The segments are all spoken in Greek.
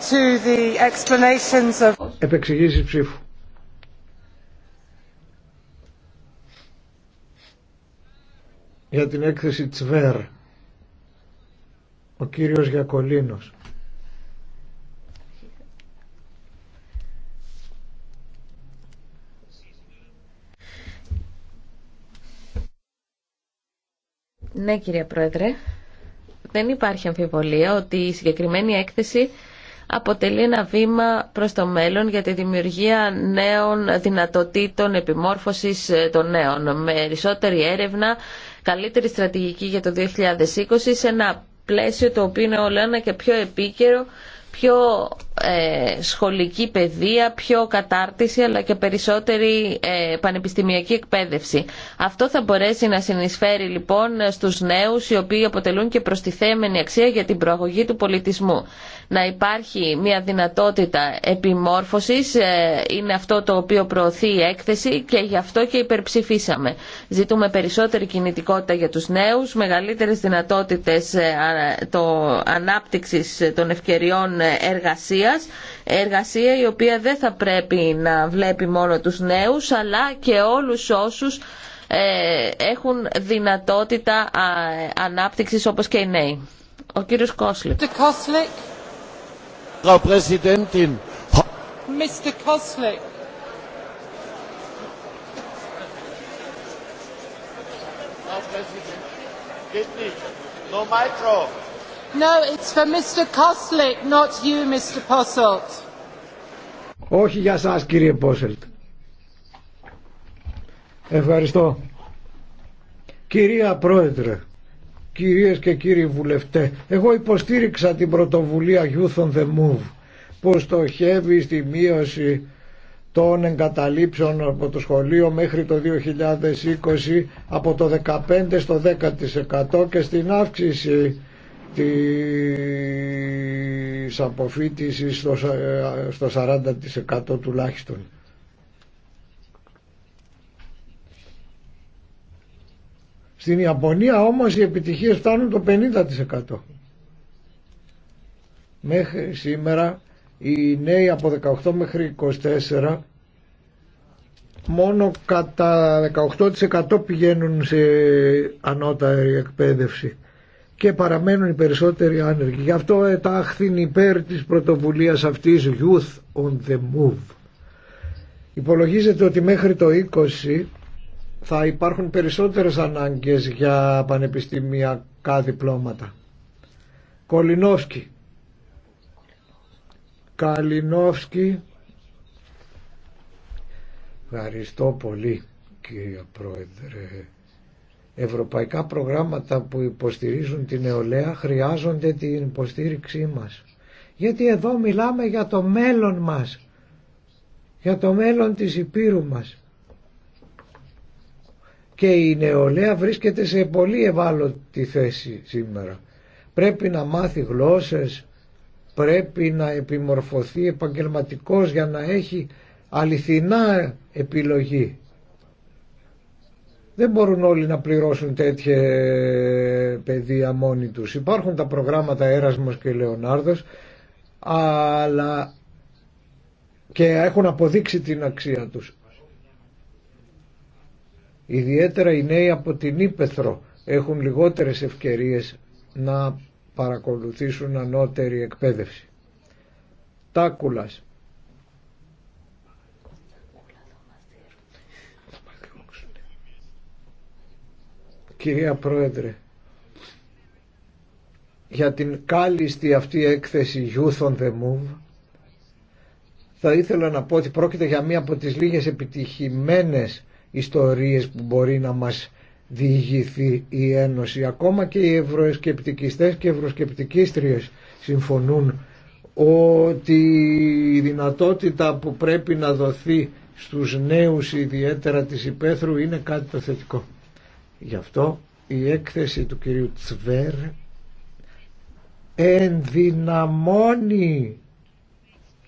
to ψήφου. Για την έκθεση Τσβέρ, ο κύριος Γιακολίνος. Ναι κύριε Πρόεδρε, δεν υπάρχει αμφιβολία ότι η συγκεκριμένη έκθεση αποτελεί ένα βήμα προς το μέλλον για τη δημιουργία νέων δυνατοτήτων επιμόρφωσης ε, των νέων με περισσότερη έρευνα, καλύτερη στρατηγική για το 2020 σε ένα πλαίσιο το οποίο είναι όλο ένα και πιο επίκαιρο πιο ε, σχολική παιδεία, πιο κατάρτιση αλλά και περισσότερη ε, πανεπιστημιακή εκπαίδευση. Αυτό θα μπορέσει να συνεισφέρει λοιπόν στους νέους οι οποίοι αποτελούν και προστιθέμενη αξία για την προαγωγή του πολιτισμού να υπάρχει μια δυνατότητα επιμόρφωσης. Ε, είναι αυτό το οποίο προωθεί η έκθεση και γι' αυτό και υπερψηφίσαμε. Ζητούμε περισσότερη κινητικότητα για τους νέους, μεγαλύτερες δυνατότητες ε, το ανάπτυξης των ευκαιριών εργασίας, εργασία η οποία δεν θα πρέπει να βλέπει μόνο τους νέους αλλά και όλους όσους ε, έχουν δυνατότητα ανάπτυξης όπως και οι νέοι. Ο κύριος Κόσλικ. Frau Präsidentin! Mr. Koslick. Frau Präsidentin, geht nicht. No micro. No, it's for Mr. Koslick, not you, Mr. Posselt. Όχι για σας κύριε Πόσελτ. Ευχαριστώ. Κυρία Πρόεδρε, Κυρίες και κύριοι βουλευτές, εγώ υποστήριξα την πρωτοβουλία Youth on the Move που στοχεύει στη μείωση των εγκαταλείψεων από το σχολείο μέχρι το 2020 από το 15% στο 10% και στην αύξηση της αποφύτησης στο 40% ε, τουλάχιστον. Στην Ιαπωνία όμως οι επιτυχίες φτάνουν το 50%. Μέχρι σήμερα οι νέοι από 18 μέχρι 24 μόνο κατά 18% πηγαίνουν σε ανώταρη εκπαίδευση και παραμένουν οι περισσότεροι άνεργοι. Γι' αυτό ετάχθην υπέρ της πρωτοβουλίας αυτής Youth on the Move. Υπολογίζεται ότι μέχρι το 20 θα υπάρχουν περισσότερες ανάγκες για πανεπιστημιακά διπλώματα. Κολινόφσκι. Καλινόφσκι. Ευχαριστώ πολύ κύριε Πρόεδρε. Ευρωπαϊκά προγράμματα που υποστηρίζουν την νεολαία χρειάζονται την υποστήριξή μας. Γιατί εδώ μιλάμε για το μέλλον μας, για το μέλλον της Υπήρου μας και η νεολαία βρίσκεται σε πολύ ευάλωτη θέση σήμερα. Πρέπει να μάθει γλώσσες, πρέπει να επιμορφωθεί επαγγελματικός για να έχει αληθινά επιλογή. Δεν μπορούν όλοι να πληρώσουν τέτοια παιδεία μόνοι τους. Υπάρχουν τα προγράμματα Έρασμος και Λεωνάρδος, αλλά και έχουν αποδείξει την αξία τους. Ιδιαίτερα οι νέοι από την Ήπεθρο έχουν λιγότερες ευκαιρίες να παρακολουθήσουν ανώτερη εκπαίδευση. Τάκουλας. Κυρία Πρόεδρε, για την κάλλιστη αυτή έκθεση Youth on the Move θα ήθελα να πω ότι πρόκειται για μία από τις λίγες επιτυχημένες ιστορίες που μπορεί να μας διηγηθεί η Ένωση. Ακόμα και οι ευρωσκεπτικιστές και ευρωσκεπτικίστριες συμφωνούν ότι η δυνατότητα που πρέπει να δοθεί στους νέους ιδιαίτερα της υπαίθρου είναι κάτι το θετικό. Γι' αυτό η έκθεση του κυρίου Τσβέρ ενδυναμώνει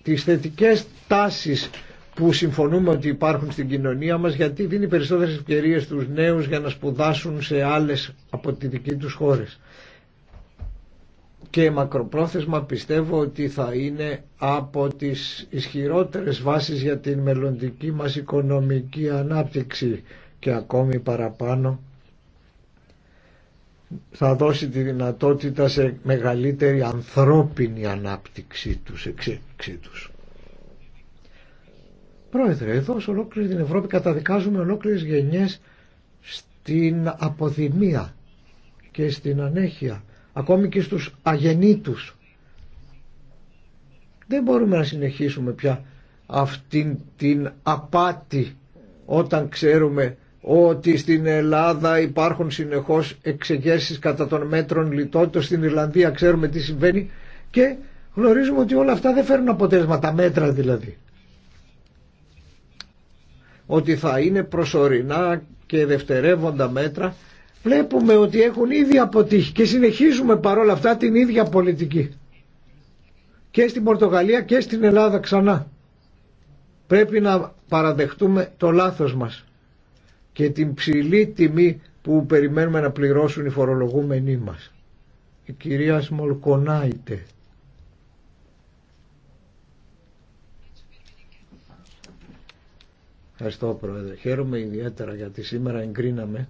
τις θετικές τάσεις που συμφωνούμε ότι υπάρχουν στην κοινωνία μας γιατί δίνει περισσότερες ευκαιρίες στους νέους για να σπουδάσουν σε άλλες από τη δική τους χώρες. Και μακροπρόθεσμα πιστεύω ότι θα είναι από τις ισχυρότερες βάσεις για την μελλοντική μας οικονομική ανάπτυξη και ακόμη παραπάνω θα δώσει τη δυνατότητα σε μεγαλύτερη ανθρώπινη ανάπτυξή τους, εξέλιξή τους. Πρόεδρε, εδώ σε ολόκληρη την Ευρώπη καταδικάζουμε ολόκληρες γενιές στην αποδημία και στην ανέχεια, ακόμη και στους αγενήτους. Δεν μπορούμε να συνεχίσουμε πια αυτήν την απάτη όταν ξέρουμε ότι στην Ελλάδα υπάρχουν συνεχώς εξεγέρσεις κατά των μέτρων λιτότητας, στην Ιρλανδία ξέρουμε τι συμβαίνει και γνωρίζουμε ότι όλα αυτά δεν φέρουν αποτέλεσμα, τα μέτρα δηλαδή ότι θα είναι προσωρινά και δευτερεύοντα μέτρα βλέπουμε ότι έχουν ήδη αποτύχει και συνεχίζουμε παρόλα αυτά την ίδια πολιτική και στην Πορτογαλία και στην Ελλάδα ξανά πρέπει να παραδεχτούμε το λάθος μας και την ψηλή τιμή που περιμένουμε να πληρώσουν οι φορολογούμενοι μας η κυρία Σμολκονάιτε Ευχαριστώ Πρόεδρε. Χαίρομαι ιδιαίτερα γιατί σήμερα εγκρίναμε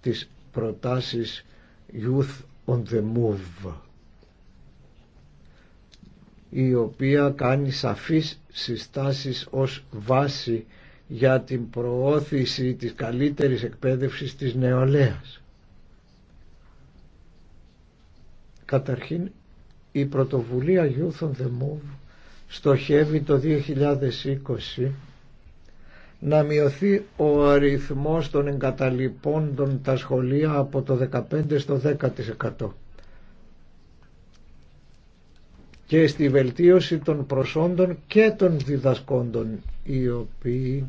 τις προτάσεις Youth on the Move η οποία κάνει σαφείς συστάσεις ως βάση για την προώθηση της καλύτερης εκπαίδευσης της νεολαίας. Καταρχήν η πρωτοβουλία Youth on the Move στοχεύει το 2020 να μειωθεί ο αριθμός των εγκαταλειπώντων τα σχολεία από το 15% στο 10%. Και στη βελτίωση των προσόντων και των διδασκόντων οι οποίοι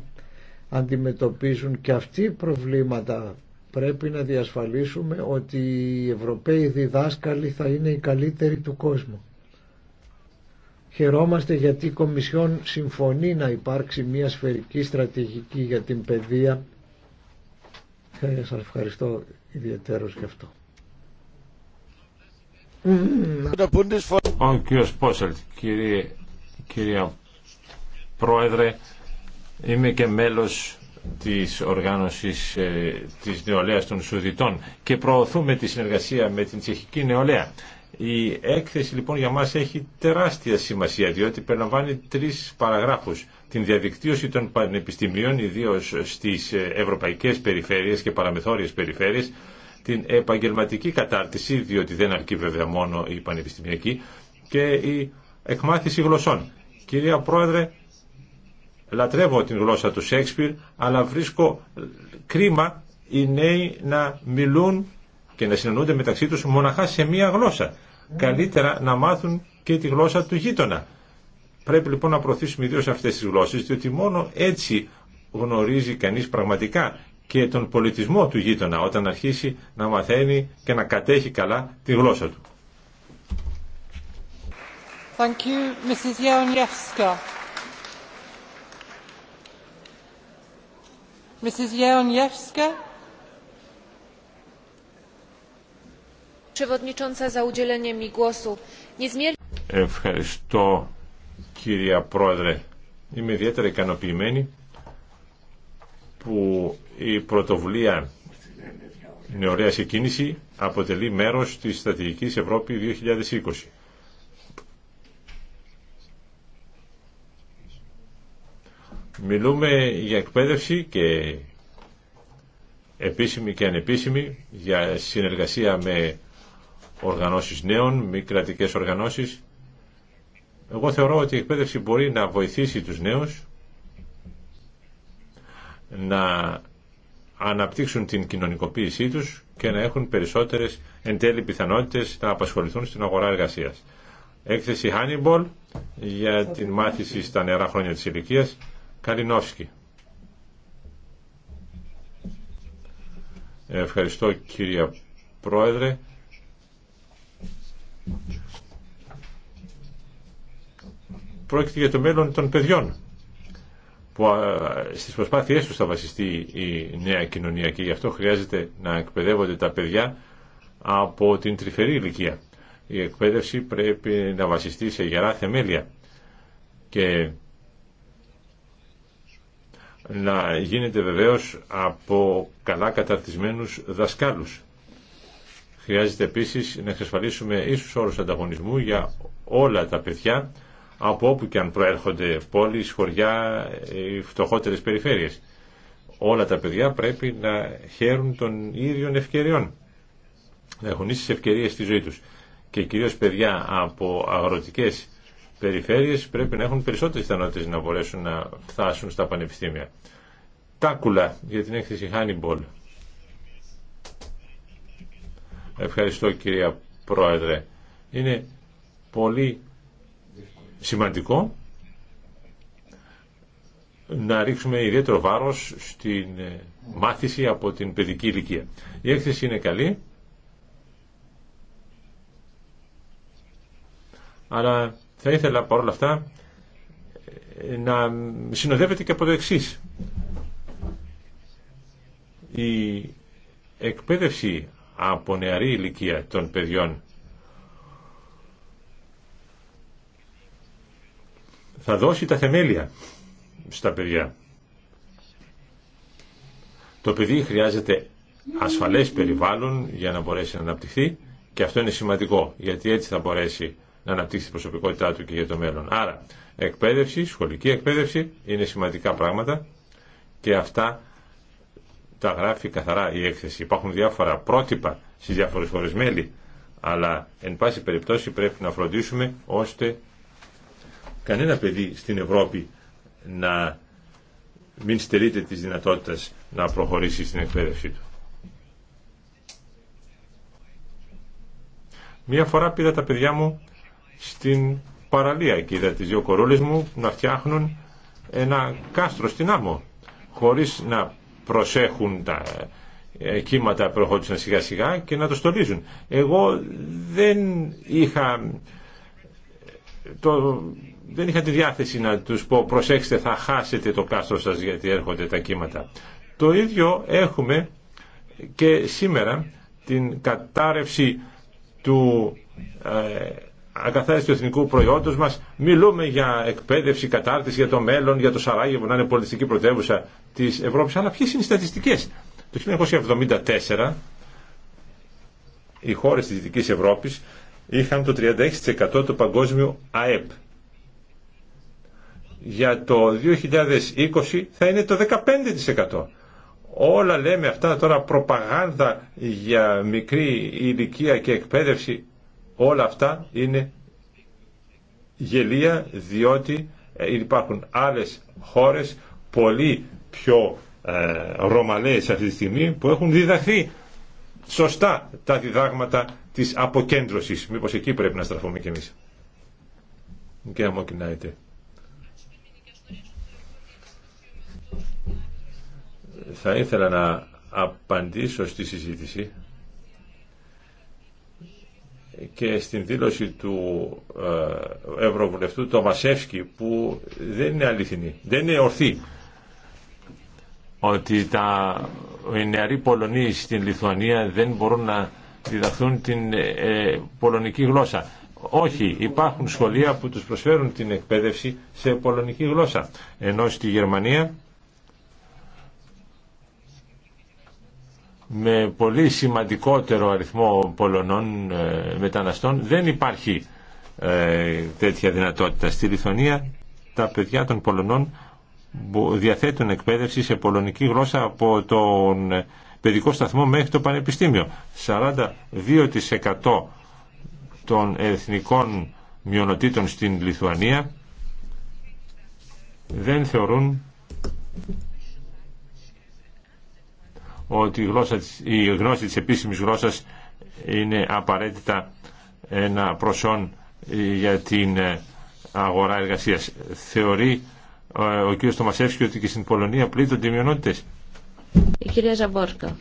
αντιμετωπίζουν και αυτοί προβλήματα. Πρέπει να διασφαλίσουμε ότι οι Ευρωπαίοι διδάσκαλοι θα είναι οι καλύτεροι του κόσμου. Χαιρόμαστε γιατί η Κομισιόν συμφωνεί να υπάρξει μια σφαιρική στρατηγική για την παιδεία. Ε, σας ευχαριστώ ιδιαίτερος γι' αυτό. Ο κύριος Πόσελτ, κύριε, Πρόεδρε, είμαι και μέλος της οργάνωσης ε, της νεολαίας των Σουδητών και προωθούμε τη συνεργασία με την τσεχική νεολαία. Η έκθεση λοιπόν για μας έχει τεράστια σημασία διότι περιλαμβάνει τρεις παραγράφους. Την διαδικτύωση των πανεπιστημίων ιδίως στις ευρωπαϊκές περιφέρειες και παραμεθόριες περιφέρειες, την επαγγελματική κατάρτιση διότι δεν αρκεί βέβαια μόνο η πανεπιστημιακή και η εκμάθηση γλωσσών. Κυρία Πρόεδρε, λατρεύω την γλώσσα του Σέξπιρ αλλά βρίσκω κρίμα οι νέοι να μιλούν και να συνεννούνται μεταξύ τους μοναχά σε μία γλώσσα καλύτερα να μάθουν και τη γλώσσα του γείτονα. Πρέπει λοιπόν να προωθήσουμε ιδίω αυτέ τι γλώσσε, διότι μόνο έτσι γνωρίζει κανεί πραγματικά και τον πολιτισμό του γείτονα όταν αρχίσει να μαθαίνει και να κατέχει καλά τη γλώσσα του. Thank you, Mrs. Mrs. Ευχαριστώ κυρία Πρόεδρε. Είμαι ιδιαίτερα ικανοποιημένη που η πρωτοβουλία νεωρέα εκκίνηση αποτελεί μέρος της στρατηγικής Ευρώπη 2020. Μιλούμε για εκπαίδευση και επίσημη και ανεπίσημη, για συνεργασία με οργανώσεις νέων, μη κρατικές οργανώσεις. Εγώ θεωρώ ότι η εκπαίδευση μπορεί να βοηθήσει τους νέους να αναπτύξουν την κοινωνικοποίησή τους και να έχουν περισσότερες εν τέλει πιθανότητες να απασχοληθούν στην αγορά εργασίας. Έκθεση Hannibal για την μάθηση στα νερά χρόνια της ηλικία Καλινόφσκι. Ευχαριστώ κύριε Πρόεδρε. Πρόκειται για το μέλλον των παιδιών που στις προσπάθειές τους θα βασιστεί η νέα κοινωνία και γι' αυτό χρειάζεται να εκπαιδεύονται τα παιδιά από την τρυφερή ηλικία. Η εκπαίδευση πρέπει να βασιστεί σε γερά θεμέλια και να γίνεται βεβαίως από καλά καταρτισμένους δασκάλους. Χρειάζεται επίση να εξασφαλίσουμε ίσους όρου ανταγωνισμού για όλα τα παιδιά από όπου και αν προέρχονται πόλεις, χωριά, φτωχότερε φτωχότερες περιφέρειες. Όλα τα παιδιά πρέπει να χαίρουν των ίδιων ευκαιριών, να έχουν ίσες ευκαιρίες στη ζωή του. Και κυρίως παιδιά από αγροτικές περιφέρειες πρέπει να έχουν περισσότερες ικανότητες να μπορέσουν να φτάσουν στα πανεπιστήμια. Τάκουλα για την έκθεση Hannibal. Ευχαριστώ κυρία Πρόεδρε. Είναι πολύ σημαντικό να ρίξουμε ιδιαίτερο βάρος στην ε, μάθηση από την παιδική ηλικία. Η έκθεση είναι καλή, αλλά θα ήθελα παρόλα αυτά ε, να συνοδεύεται και από το εξή. Η εκπαίδευση από νεαρή ηλικία των παιδιών. Θα δώσει τα θεμέλια στα παιδιά. Το παιδί χρειάζεται ασφαλές περιβάλλον για να μπορέσει να αναπτυχθεί και αυτό είναι σημαντικό γιατί έτσι θα μπορέσει να αναπτύξει την προσωπικότητά του και για το μέλλον. Άρα εκπαίδευση, σχολική εκπαίδευση είναι σημαντικά πράγματα και αυτά τα γράφει καθαρά η έκθεση. Υπάρχουν διάφορα πρότυπα στις διάφορε χώρε μέλη, αλλά εν πάση περιπτώσει πρέπει να φροντίσουμε ώστε κανένα παιδί στην Ευρώπη να μην στερείται της δυνατότητας να προχωρήσει στην εκπαίδευσή του. Μία φορά πήρα τα παιδιά μου στην παραλία και είδα τις δύο κορούλες μου να φτιάχνουν ένα κάστρο στην άμμο χωρίς να προσέχουν τα ε, κύματα που σιγά σιγά και να το στολίζουν. Εγώ δεν είχα, το, δεν είχα τη διάθεση να τους πω προσέξτε θα χάσετε το κάστρο σας γιατί έρχονται τα κύματα. Το ίδιο έχουμε και σήμερα την κατάρρευση του ε, ακαθάριση του εθνικού προϊόντο μα Μιλούμε για εκπαίδευση, κατάρτιση για το μέλλον, για το Σαράγεβο να είναι πολιτιστική πρωτεύουσα τη Ευρώπη, Αλλά ποιε είναι οι στατιστικέ. Το 1974 οι χώρε τη Δυτική Ευρώπη είχαν το 36% του παγκόσμιου ΑΕΠ. Για το 2020 θα είναι το 15%. Όλα λέμε αυτά τώρα προπαγάνδα για μικρή ηλικία και εκπαίδευση Όλα αυτά είναι γελία διότι ε, υπάρχουν άλλες χώρες πολύ πιο ε, ρωμαλαίες αυτή τη στιγμή που έχουν διδαχθεί σωστά τα διδάγματα της αποκέντρωσης. Μήπως εκεί πρέπει να στραφούμε κι εμείς. Και αμόκινάεται. Θα ήθελα να απαντήσω στη συζήτηση και στην δήλωση του ε, Ευρωβουλευτού Τομασεύσκη που δεν είναι αληθινή, δεν είναι ορθή ότι τα οι νεαροί Πολωνοί στην Λιθουανία δεν μπορούν να διδαχθούν την ε, ε, πολωνική γλώσσα. Όχι, υπάρχουν σχολεία που τους προσφέρουν την εκπαίδευση σε πολωνική γλώσσα. Ενώ στη Γερμανία με πολύ σημαντικότερο αριθμό Πολωνών ε, μεταναστών δεν υπάρχει ε, τέτοια δυνατότητα. Στη Λιθωνία τα παιδιά των Πολωνών διαθέτουν εκπαίδευση σε πολωνική γλώσσα από τον ε, παιδικό σταθμό μέχρι το πανεπιστήμιο. 42% των εθνικών μειονοτήτων στην Λιθουανία δεν θεωρούν ότι η, γλώσσα, η γνώση της επίσημης γλώσσας είναι απαραίτητα ένα προσόν ε, για την ε, αγορά εργασίας. Θεωρεί ε, ο κ. Στομασεύσκη ότι και στην Πολωνία πλήττονται οι μειονότητες. Η κυρία Ζαμπόρκα.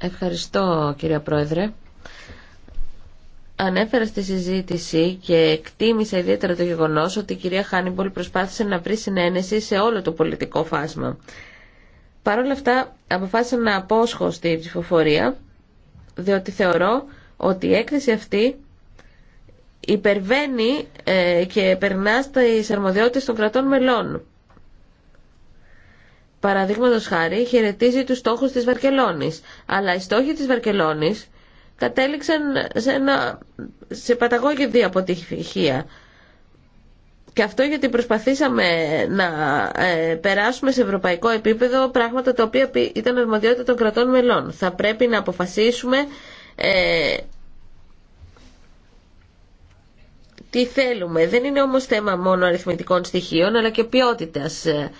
Ευχαριστώ κύριε Πρόεδρε. Ανέφερα στη συζήτηση και εκτίμησα ιδιαίτερα το γεγονός ότι η κυρία Χάνιμπολ προσπάθησε να βρει συνένεση σε όλο το πολιτικό φάσμα. Παρ' όλα αυτά αποφάσισα να απόσχω στη ψηφοφορία διότι θεωρώ ότι η έκθεση αυτή υπερβαίνει ε, και περνά στα αρμοδιότητες των κρατών μελών. Παραδείγματο χάρη, χαιρετίζει του στόχους της Βαρκελόνη. Αλλά οι στόχοι της Βαρκελόνη κατέληξαν σε, ένα, σε αποτυχία. Και αυτό γιατί προσπαθήσαμε να ε, περάσουμε σε ευρωπαϊκό επίπεδο πράγματα τα οποία ήταν αρμοδιότητα των κρατών μελών. Θα πρέπει να αποφασίσουμε ε, τι θέλουμε. Δεν είναι όμως θέμα μόνο αριθμητικών στοιχείων αλλά και ποιότητας. Ε,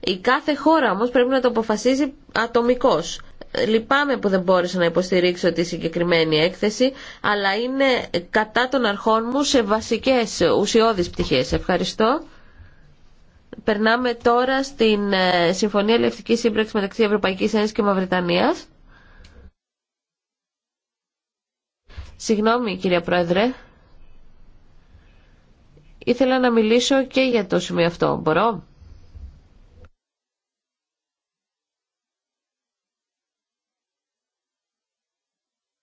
η κάθε χώρα όμως πρέπει να το αποφασίζει ατομικώς λυπάμαι που δεν μπόρεσα να υποστηρίξω τη συγκεκριμένη έκθεση, αλλά είναι κατά των αρχών μου σε βασικές ουσιώδεις πτυχές. Ευχαριστώ. Περνάμε τώρα στην ε, Συμφωνία Λευτική Σύμπραξη μεταξύ Ευρωπαϊκής Ένωσης και Μαυριτανίας. Συγγνώμη κυρία Πρόεδρε. Ήθελα να μιλήσω και για το σημείο αυτό. Μπορώ.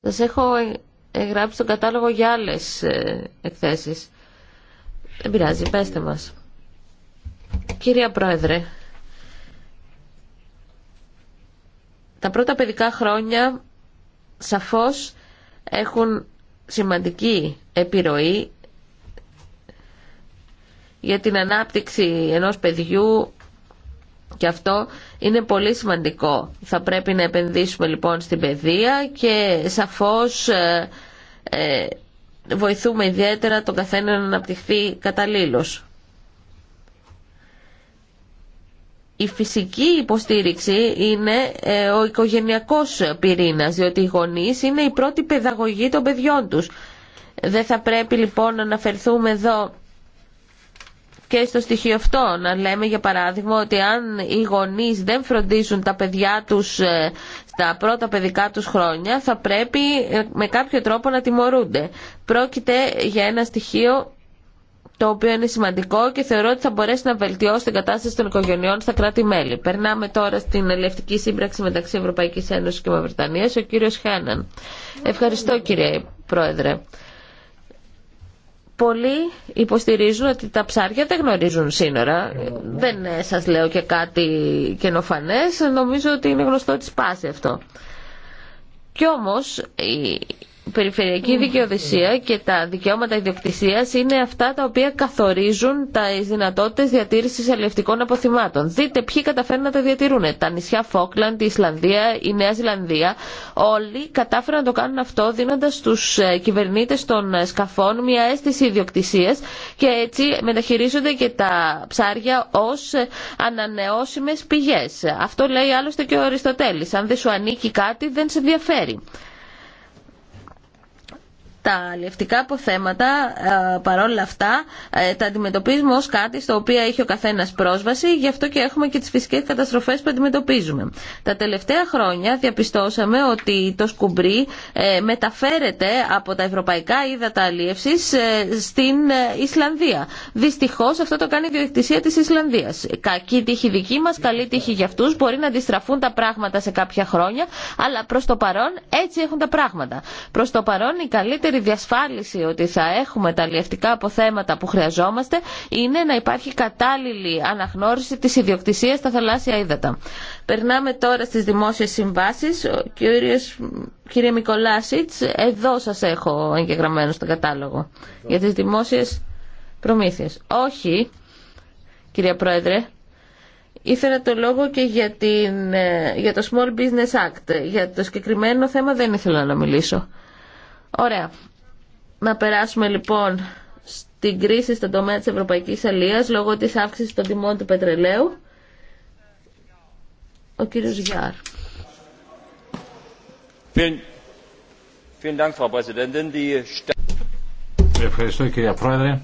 Σας έχω εγγράψει τον κατάλογο για άλλες ε, εκθέσεις. Δεν πειράζει, πέστε μας. Κυρία Πρόεδρε, τα πρώτα παιδικά χρόνια σαφώς έχουν σημαντική επιρροή για την ανάπτυξη ενός παιδιού και αυτό είναι πολύ σημαντικό. Θα πρέπει να επενδύσουμε λοιπόν στην παιδεία και σαφώς ε, ε βοηθούμε ιδιαίτερα τον καθένα να αναπτυχθεί καταλήλως. Η φυσική υποστήριξη είναι ε, ο οικογενειακός πυρήνας, διότι οι γονείς είναι η πρώτη παιδαγωγή των παιδιών τους. Δεν θα πρέπει λοιπόν να αναφερθούμε εδώ και στο στοιχείο αυτό. Να λέμε για παράδειγμα ότι αν οι γονείς δεν φροντίζουν τα παιδιά τους ε, στα πρώτα παιδικά τους χρόνια θα πρέπει ε, με κάποιο τρόπο να τιμωρούνται. Πρόκειται για ένα στοιχείο το οποίο είναι σημαντικό και θεωρώ ότι θα μπορέσει να βελτιώσει την κατάσταση των οικογενειών στα κράτη-μέλη. Περνάμε τώρα στην ελευτική σύμπραξη μεταξύ Ευρωπαϊκής Ένωσης και Μαυρτανίας, ο κύριος Χάναν. Ευχαριστώ κύριε Πρόεδρε. Πολλοί υποστηρίζουν ότι τα ψάρια δεν γνωρίζουν σύνορα. Δεν σας λέω και κάτι καινοφανές. Νομίζω ότι είναι γνωστό ότι σπάσει αυτό. Κι όμως περιφερειακή δικαιοδοσία και τα δικαιώματα ιδιοκτησία είναι αυτά τα οποία καθορίζουν τα δυνατότητε διατήρηση ελευτικών αποθυμάτων. Δείτε ποιοι καταφέρουν να τα διατηρούν. Τα νησιά Φόκλαντ, η Ισλανδία, η Νέα Ζηλανδία. Όλοι κατάφεραν να το κάνουν αυτό δίνοντα στου ε, κυβερνήτε των ε, σκαφών μια αίσθηση ιδιοκτησία και έτσι μεταχειρίζονται και τα ψάρια ω ε, ανανεώσιμε πηγέ. Αυτό λέει άλλωστε και ο Αριστοτέλη. Αν δεν σου ανήκει κάτι, δεν σε ενδιαφέρει τα αλλιευτικά αποθέματα παρόλα αυτά ε, τα αντιμετωπίζουμε ως κάτι στο οποίο έχει ο καθένας πρόσβαση, γι' αυτό και έχουμε και τις φυσικές καταστροφές που αντιμετωπίζουμε. Τα τελευταία χρόνια διαπιστώσαμε ότι το σκουμπρί ε, μεταφέρεται από τα ευρωπαϊκά ύδατα αλλιεύσης ε, στην Ισλανδία. Δυστυχώς αυτό το κάνει η διοκτησία της Ισλανδίας. Κακή τύχη δική μας, καλή τύχη για αυτούς, μπορεί να αντιστραφούν τα πράγματα σε κάποια χρόνια, αλλά προ το παρόν έτσι έχουν τα πράγματα. Προς το παρόν η καλύτερη η διασφάλιση ότι θα έχουμε τα αλλιευτικά αποθέματα που χρειαζόμαστε είναι να υπάρχει κατάλληλη αναγνώριση της ιδιοκτησίας στα θαλάσσια ύδατα. Περνάμε τώρα στις δημόσιες συμβάσεις. Ο κύριος, κύριε Μικολάσιτς, εδώ σας έχω εγγεγραμμένο στο κατάλογο για τις δημόσιες προμήθειες. Όχι, κυρία Πρόεδρε, ήθελα το λόγο και για ε, το Small Business Act. Για το συγκεκριμένο θέμα δεν ήθελα να μιλήσω. Ωραία. Να περάσουμε λοιπόν στην κρίση στον τομέα της Ευρωπαϊκής Αλίας λόγω της αύξησης των τιμών του πετρελαίου. Ο κύριος Γιάρ. Ευχαριστώ κυρία Πρόεδρε.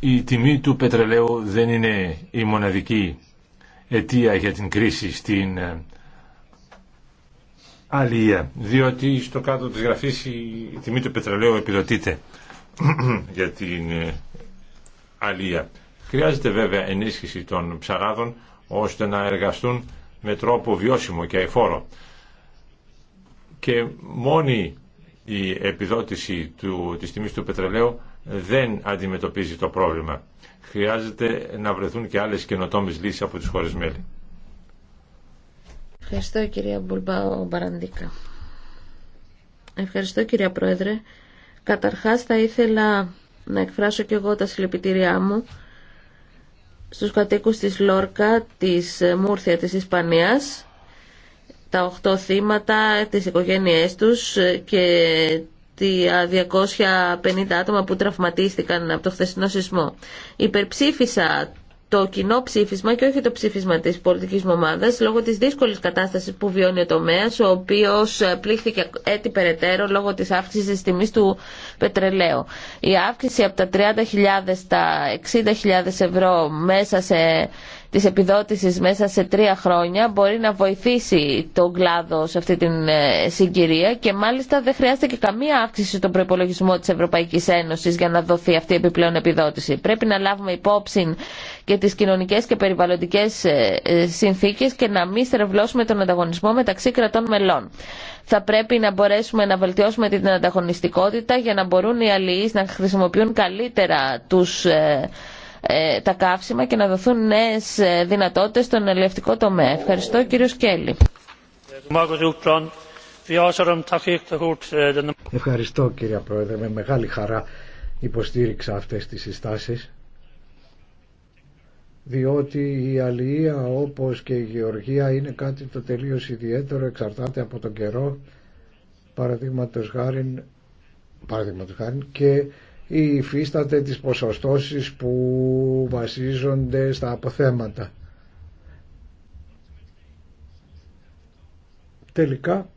Η τιμή του πετρελαίου δεν είναι η μοναδική αιτία για την κρίση στην ε, Αλία, διότι στο κάτω της γραφής η τιμή του πετρελαίου επιδοτείται για την ε, Αλία. Χρειάζεται βέβαια ενίσχυση των ψαράδων ώστε να εργαστούν με τρόπο βιώσιμο και αηφόρο. Και μόνη η επιδότηση του, της τιμής του πετρελαίου δεν αντιμετωπίζει το πρόβλημα χρειάζεται να βρεθούν και άλλες καινοτόμες λύσεις από τις χώρες μέλη. Ευχαριστώ κυρία Μπουλμπάου Μπαραντίκα. Ευχαριστώ κυρία Πρόεδρε. Καταρχάς θα ήθελα να εκφράσω και εγώ τα συλληπιτήριά μου στους κατοίκους της Λόρκα, της Μούρθια, της Ισπανίας, τα οχτώ θύματα, τις οικογένειές τους και τα 250 άτομα που τραυματίστηκαν από το χθεσινό σεισμό. Υπερψήφισα το κοινό ψήφισμα και όχι το ψήφισμα της πολιτικής ομάδα ομάδας λόγω της δύσκολης κατάστασης που βιώνει ο τομέας ο οποίος ε, πλήχθηκε έτη περαιτέρω λόγω της αύξησης της τιμής του πετρελαίου. Η αύξηση από τα 30.000 στα 60.000 ευρώ μέσα σε της επιδότησης μέσα σε τρία χρόνια μπορεί να βοηθήσει τον κλάδο σε αυτή την ε, συγκυρία και μάλιστα δεν χρειάζεται και καμία αύξηση στον προπολογισμό της Ευρωπαϊκής Ένωσης για να δοθεί αυτή η επιπλέον επιδότηση. Πρέπει να λάβουμε υπόψη και τις κοινωνικές και περιβαλλοντικές ε, ε, συνθήκες και να μην στρεβλώσουμε τον ανταγωνισμό μεταξύ κρατών μελών. Θα πρέπει να μπορέσουμε να βελτιώσουμε την ανταγωνιστικότητα για να μπορούν οι αλληλείς να χρησιμοποιούν καλύτερα τους ε, τα καύσιμα και να δοθούν νέε δυνατότητε στον ελευθερικό τομέα. Ευχαριστώ κύριο Σκέλη. Ευχαριστώ κύριε Πρόεδρε, με μεγάλη χαρά υποστήριξα αυτές τις συστάσεις διότι η αλληλεία όπως και η γεωργία είναι κάτι το τελείως ιδιαίτερο, εξαρτάται από τον καιρό, παραδείγματος χάρη, παραδείγματος χάρη και ή υφίσταται τις ποσοστώσεις που βασίζονται στα αποθέματα. Τελικά η υφίσταται τις ποσοστώσεις που βασίζονται στα αποθέματα. Τελικά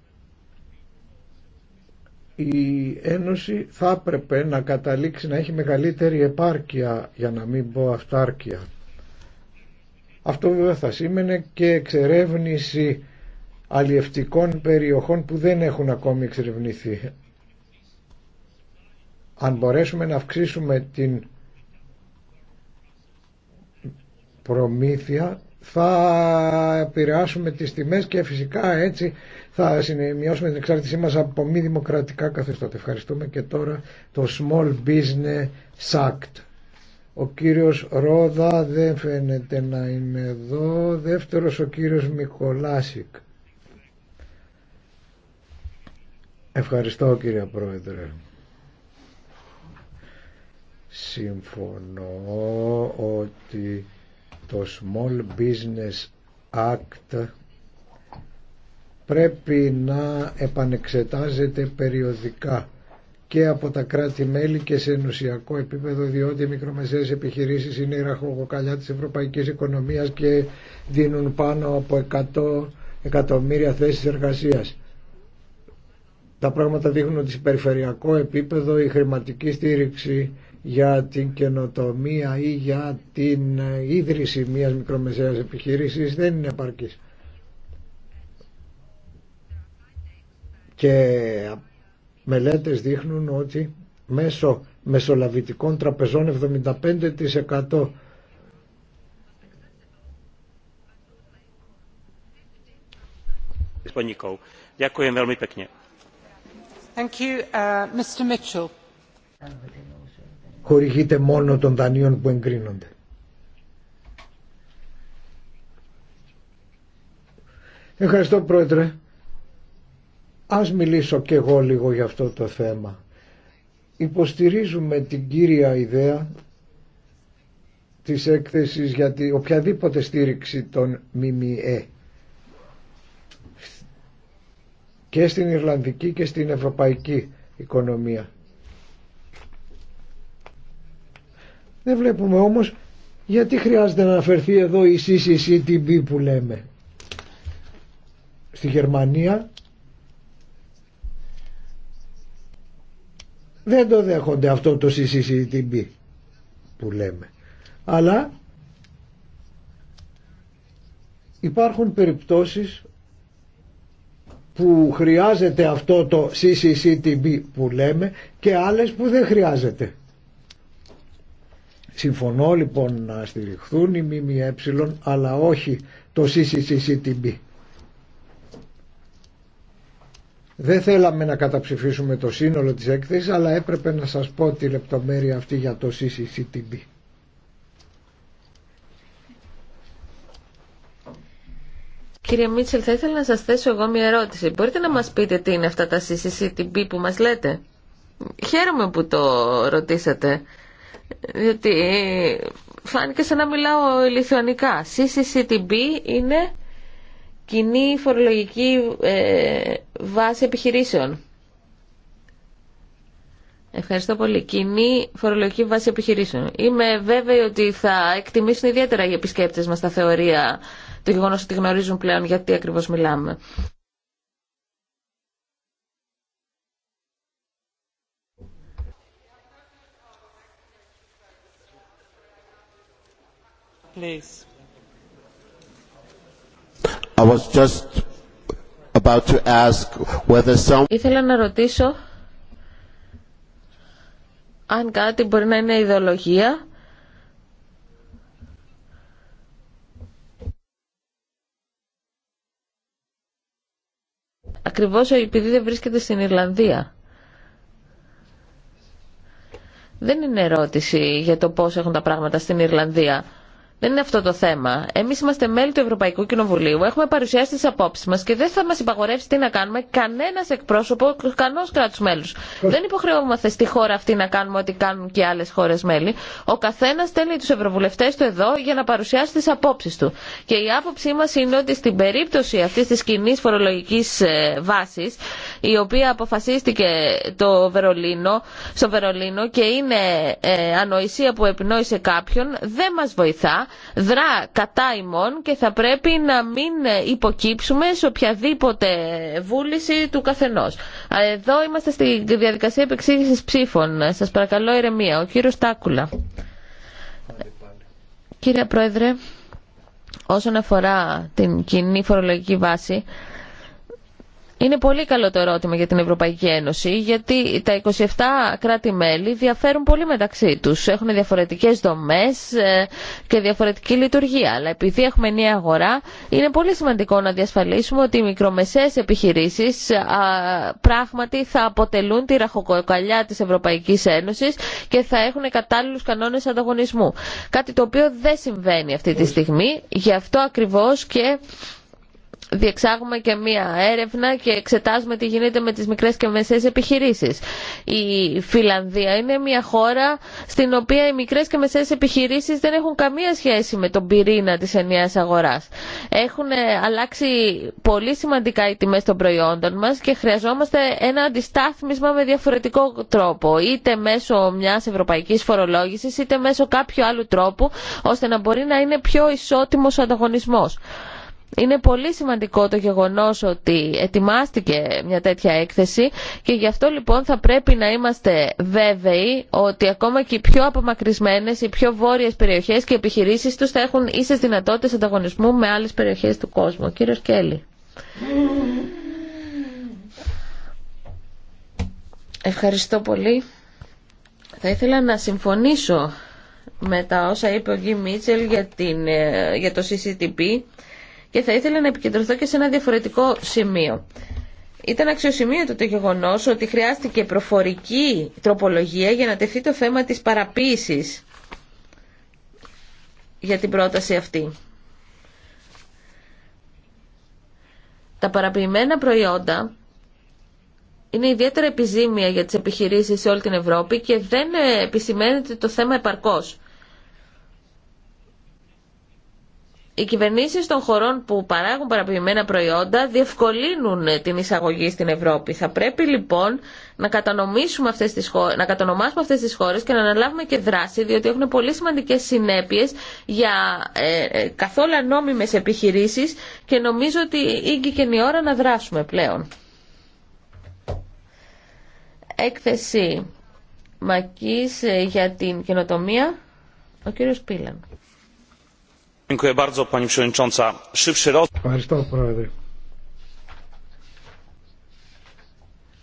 η Ένωση θα έπρεπε να καταλήξει να έχει μεγαλύτερη επάρκεια για να μην πω αυτάρκεια. Αυτό βέβαια θα σήμαινε και εξερεύνηση αλλιευτικών περιοχών που δεν έχουν ακόμη εξερευνηθεί αν μπορέσουμε να αυξήσουμε την προμήθεια θα επηρεάσουμε τις τιμές και φυσικά έτσι θα μειώσουμε την εξάρτησή μας από μη δημοκρατικά καθεστώτα. Ευχαριστούμε και τώρα το Small Business Act. Ο κύριος Ρόδα δεν φαίνεται να είναι εδώ. Δεύτερος ο κύριος Μικολάσικ. Ευχαριστώ κύριε Πρόεδρε. Συμφωνώ ότι το Small Business Act πρέπει να επανεξετάζεται περιοδικά και από τα κράτη-μέλη και σε ενωσιακό επίπεδο διότι οι μικρομεσαίες επιχειρήσεις είναι η ραχογοκαλιά της ευρωπαϊκής οικονομίας και δίνουν πάνω από 100 εκατομμύρια θέσεις εργασίας. Τα πράγματα δείχνουν ότι σε περιφερειακό επίπεδο η χρηματική στήριξη για την καινοτομία ή για την ίδρυση μιας μικρομεσαίας επιχειρήσης δεν είναι επαρκής. Και μελέτες δείχνουν ότι μέσω μεσολαβητικών τραπεζών 75% Thank you, uh, χορηγείται μόνο των δανείων που εγκρίνονται. Ευχαριστώ πρόεδρε. Ας μιλήσω και εγώ λίγο για αυτό το θέμα. Υποστηρίζουμε την κύρια ιδέα της έκθεσης για οποιαδήποτε στήριξη των ΜΜΕ και στην Ιρλανδική και στην Ευρωπαϊκή οικονομία. Δεν βλέπουμε όμως γιατί χρειάζεται να αναφερθεί εδώ η CCCTB που λέμε. Στη Γερμανία δεν το δέχονται αυτό το CCCTB που λέμε. Αλλά υπάρχουν περιπτώσεις που χρειάζεται αυτό το CCCTB που λέμε και άλλες που δεν χρειάζεται. Συμφωνώ λοιπόν να στηριχθούν οι ΜΜΕ αλλά όχι το CCCTB. Δεν θέλαμε να καταψηφίσουμε το σύνολο της έκθεσης αλλά έπρεπε να σας πω τη λεπτομέρεια αυτή για το CCCTB. Κύριε Μίτσελ, θα ήθελα να σας θέσω εγώ μια ερώτηση. Μπορείτε να μας πείτε τι είναι αυτά τα CCCTB που μας λέτε. Χαίρομαι που το ρωτήσατε διότι ε, φάνηκε σαν να μιλάω λιθουανικά. CCCTB είναι κοινή φορολογική ε, βάση επιχειρήσεων. Ευχαριστώ πολύ. Κοινή φορολογική βάση επιχειρήσεων. Είμαι βέβαιη ότι θα εκτιμήσουν ιδιαίτερα οι επισκέπτες μας τα θεωρία, το γεγονός ότι γνωρίζουν πλέον γιατί ακριβώς μιλάμε. I was just about to ask whether some... Ήθελα να ρωτήσω αν κάτι μπορεί να είναι ιδεολογία ακριβώς επειδή δεν βρίσκεται στην Ιρλανδία. Δεν είναι ερώτηση για το πώς έχουν τα πράγματα στην Ιρλανδία. Δεν είναι αυτό το θέμα. Εμεί είμαστε μέλη του Ευρωπαϊκού Κοινοβουλίου. Έχουμε παρουσιάσει τι απόψει μα και δεν θα μα υπαγορεύσει τι να κάνουμε κανένα εκπρόσωπο, κανό κράτου μέλου. Δεν υποχρεώμαστε στη χώρα αυτή να κάνουμε ό,τι κάνουν και άλλε χώρε μέλη. Ο καθένα στέλνει του ευρωβουλευτέ του εδώ για να παρουσιάσει τι απόψει του. Και η άποψή μα είναι ότι στην περίπτωση αυτή τη κοινή φορολογική ε, βάση, η οποία αποφασίστηκε το Βερολίνο, στο Βερολίνο και είναι ε, ανοησία που επινόησε κάποιον, δεν μα βοηθά δρά κατά ημών και θα πρέπει να μην υποκύψουμε σε οποιαδήποτε βούληση του καθενός. Εδώ είμαστε στη διαδικασία επεξήγησης ψήφων. Σας παρακαλώ ηρεμία. Ο κύριος Τάκουλα. Κύριε Πρόεδρε, όσον αφορά την κοινή φορολογική βάση, είναι πολύ καλό το ερώτημα για την Ευρωπαϊκή Ένωση, γιατί τα 27 κράτη-μέλη διαφέρουν πολύ μεταξύ τους. Έχουν διαφορετικές δομές ε, και διαφορετική λειτουργία. Αλλά επειδή έχουμε νέα αγορά, είναι πολύ σημαντικό να διασφαλίσουμε ότι οι μικρομεσαίες επιχειρήσεις πράγματι θα αποτελούν τη ραχοκοκαλιά της Ευρωπαϊκή Ένωση και θα έχουν κατάλληλου κανόνε ανταγωνισμού. Κάτι το οποίο δεν συμβαίνει αυτή τη στιγμή, γι' αυτό ακριβώς και διεξάγουμε και μία έρευνα και εξετάζουμε τι γίνεται με τις μικρές και μεσαίες επιχειρήσεις. Η Φιλανδία είναι μια χώρα στην οποία οι μικρές και μεσαίες επιχειρήσεις δεν έχουν καμία σχέση με τον πυρήνα της ενιαίας αγοράς. Έχουν ε, αλλάξει πολύ σημαντικά οι τιμές των προϊόντων μας και χρειαζόμαστε ένα αντιστάθμισμα με διαφορετικό τρόπο, είτε μέσω μιας ευρωπαϊκής φορολόγησης, είτε μέσω κάποιου άλλου τρόπου, ώστε να μπορεί να είναι πιο ισότιμος ο ανταγωνισμός. Είναι πολύ σημαντικό το γεγονός ότι ετοιμάστηκε μια τέτοια έκθεση και γι' αυτό λοιπόν θα πρέπει να είμαστε βέβαιοι ότι ακόμα και οι πιο απομακρυσμένες, οι πιο βόρειες περιοχές και οι επιχειρήσεις τους θα έχουν ίσες δυνατότητες ανταγωνισμού με άλλες περιοχές του κόσμου. Κύριο Κέλλη. Ευχαριστώ πολύ. Θα ήθελα να συμφωνήσω με τα όσα είπε ο Γι Μίτσελ για, την, ε, για το CCTP και θα ήθελα να επικεντρωθώ και σε ένα διαφορετικό σημείο. Ήταν αξιοσημείωτο το γεγονό ότι χρειάστηκε προφορική τροπολογία για να τεθεί το θέμα της παραποίηση για την πρόταση αυτή. Τα παραποιημένα προϊόντα είναι ιδιαίτερα επιζήμια για τις επιχειρήσεις σε όλη την Ευρώπη και δεν επισημαίνεται το θέμα επαρκώς. οι κυβερνήσεις των χωρών που παράγουν παραποιημένα προϊόντα διευκολύνουν ε, την εισαγωγή στην Ευρώπη. Θα πρέπει λοιπόν να, κατανομήσουμε αυτές τις χώρες, να κατανομάσουμε αυτές τις χώρες και να αναλάβουμε και δράση διότι έχουν πολύ σημαντικές συνέπειες για ε, ε, καθόλου ανώμιμες επιχειρήσεις και νομίζω ότι ήγηκε και η ώρα να δράσουμε πλέον. Έκθεση Μακής για την καινοτομία. Ο κύριος Πίλαν. Ευχαριστώ, Πρόεδρε.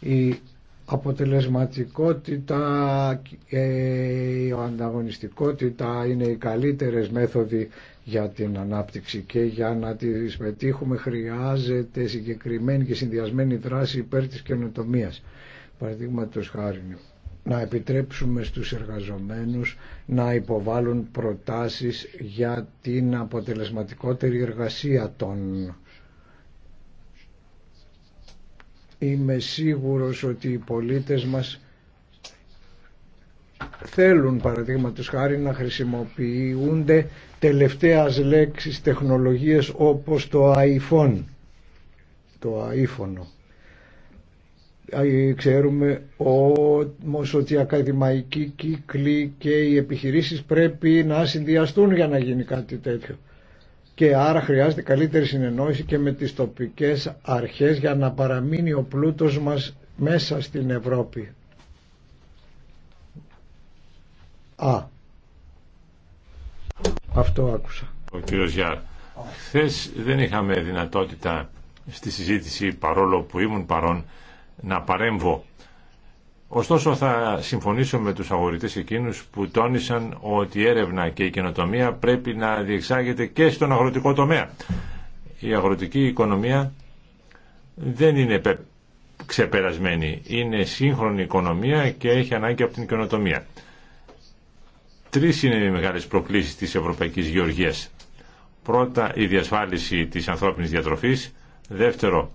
Η αποτελεσματικότητα και ε, η ανταγωνιστικότητα είναι οι καλύτερες μέθοδοι για την ανάπτυξη και για να τις πετύχουμε χρειάζεται συγκεκριμένη και συνδυασμένη δράση υπέρ της καινοτομίας. Παραδείγματος χάρη να επιτρέψουμε στους εργαζομένους να υποβάλουν προτάσεις για την αποτελεσματικότερη εργασία των. Είμαι σίγουρος ότι οι πολίτες μας θέλουν παραδείγματο χάρη να χρησιμοποιούνται τελευταίας λέξης τεχνολογίες όπως το iPhone, το iPhone. Ξέρουμε όμως ότι οι ακαδημαϊκοί κύκλοι και οι επιχειρήσεις πρέπει να συνδυαστούν για να γίνει κάτι τέτοιο. Και άρα χρειάζεται καλύτερη συνεννόηση και με τις τοπικές αρχές για να παραμείνει ο πλούτος μας μέσα στην Ευρώπη. Α, αυτό άκουσα. Ο κύριο Γιάρ, δεν είχαμε δυνατότητα στη συζήτηση παρόλο που ήμουν παρόν να παρέμβω. Ωστόσο θα συμφωνήσω με τους αγορητές εκείνους που τόνισαν ότι η έρευνα και η καινοτομία πρέπει να διεξάγεται και στον αγροτικό τομέα. Η αγροτική οικονομία δεν είναι ξεπερασμένη. Είναι σύγχρονη οικονομία και έχει ανάγκη από την καινοτομία. Τρεις είναι οι μεγάλες προκλήσεις της Ευρωπαϊκής Γεωργίας. Πρώτα η διασφάλιση της ανθρώπινης διατροφής. Δεύτερο